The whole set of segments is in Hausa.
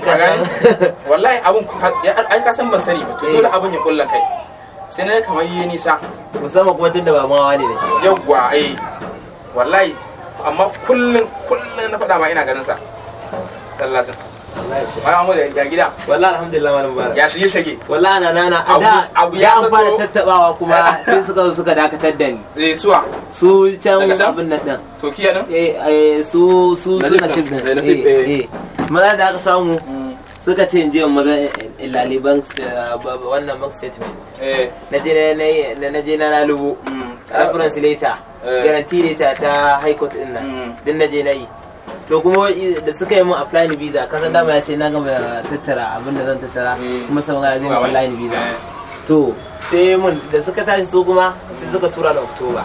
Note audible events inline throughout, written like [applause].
kai ka gani [laughs] wallahi abun ai ka san ban sani ba to eh. dole abun ya kulla kai sai na kamar yi nisa musamman kuma tunda ba mawa ne da shi yawwa eh wallahi amma kullun kullun na faɗa ma ina ganin sa sallasin Wala mu da gida. Wallahi alhamdulillah malam bara. Ya shige shige. Wallahi na nana a da abu ya fara tattabawa kuma [laughs] sai suka zo suka dakatar da ni. Eh suwa. Su can abin nan din. To kiya nan? Eh, eh su su su nasib din. Eh eh. eh. maza da aka samu mm. suka ce in je maza ilali bank uh, wannan bank statement eh. na je na lalubu mm. reference later eh. guarantee later ta high court din nan mm. din na je na yi to kuma da suka yi mun apply ni visa kasan dama ya ce na gama tattara abin da zan tattara eh. kuma sabon gara zai ni visa to sai mun da suka tashi su kuma sai suka tura da October.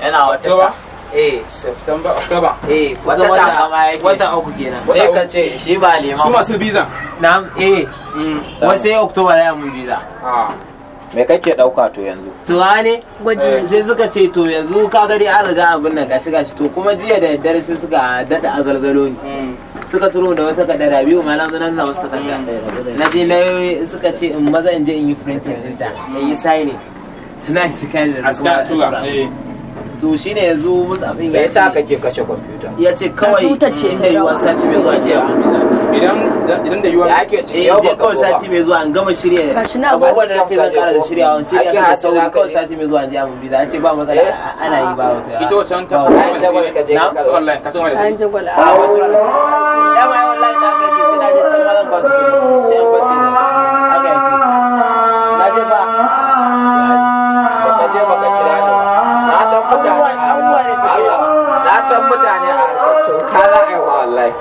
yana wata eh september october eh wata wata wata uku kenan wata eh, ka ce shi ba liman su masu biza na'am eh mm. wasu ya october ya mun biza ah. me kake dauka to yanzu to ne gwaji eh. sai suka ce to yanzu ka gari an riga abin nan gashi gashi to kuma jiya da daddare sai suka dada azalzalo ne mm. suka turo da wata kadara biyu malam zanen na wasu takarda mm. na je na suka ce in maza in je in yi printing din in yi signing suna shi kan da a to shine yanzu musab abin ya sa kake kashe kwamfuta ya ce kawai inda yiwuwar sati mai zuwa ke idan idan da yiwuwar ake ciki yau eh, ba kawai sati mai zuwa an gama shirya abubuwan ce ba kara da shirya wani shirya su sauri kawai sati mai zuwa jiya mun biza an ce ba matsala eh. ana yi ba wata ito san ta ka jagwal ka je ka a wani dama yawan lai na gaji sai na ka can ma ba su na san mutane a harkar kyauta za a yi wallahi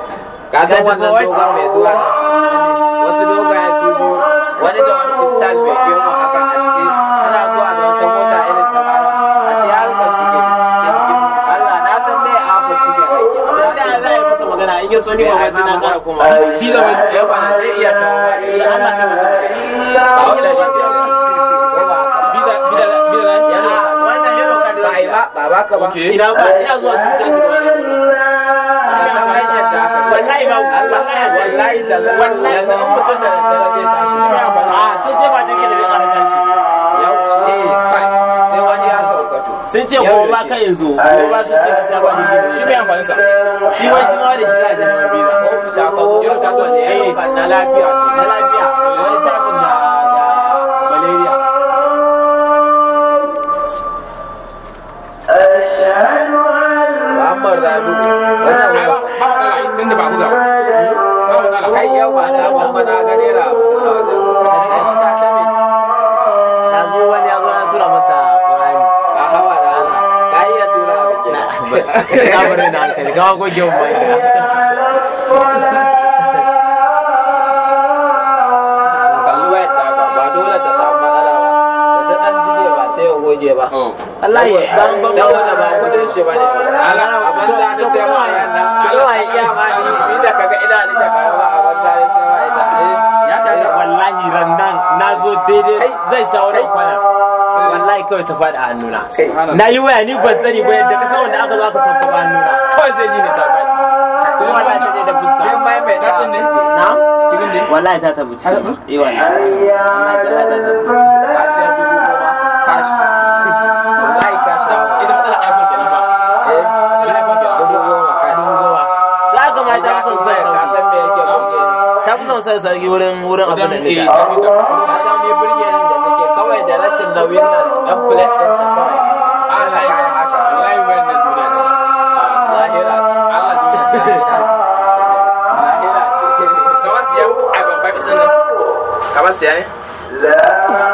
ka san wannan dogon mai zuwa wasu dogaye su biyu wani da wani kristal mai girma haka a ciki tana zuwa da wata mota irin ta mara a shi ka suke Allah na san dai a haka suke aiki amma da za a yi masa magana yi ba na kara kuma fi zama ya ba zai iya ta ba ba ka ba ina ba ina zuwa sun tashi ba a sun ce gobe ba ka yanzu gobe ba sun ce ka ba shi bai amfani shi wai shi ma da shi za a ko ko ta ne na lafiya na lafiya ya gudu wannan ba ba guda ba na a ta na zo ya goge ba. wallahi saboda ba kudin shi bane a banza ta sai ma wallahi ya ma ni ni da kaga ina ni da kaga a banza ya sai ma ita eh, ya ta nazo daidai zan shawara kwana eh. wallahi kawai ta a hannuna na yi waya ni ban sani ba yadda ka san wanda aka zo aka tafi a hannuna kawai sai ni ne kuma wallahi ta je da fuska sai mai mai ta ne na wallahi ta tabuci eh wallahi na fi son sai sarki wurin wurin abin da nika mai burge nan da take kawai da rashin nauyin nan dan plate din nan kawai ya haka lahira siya ne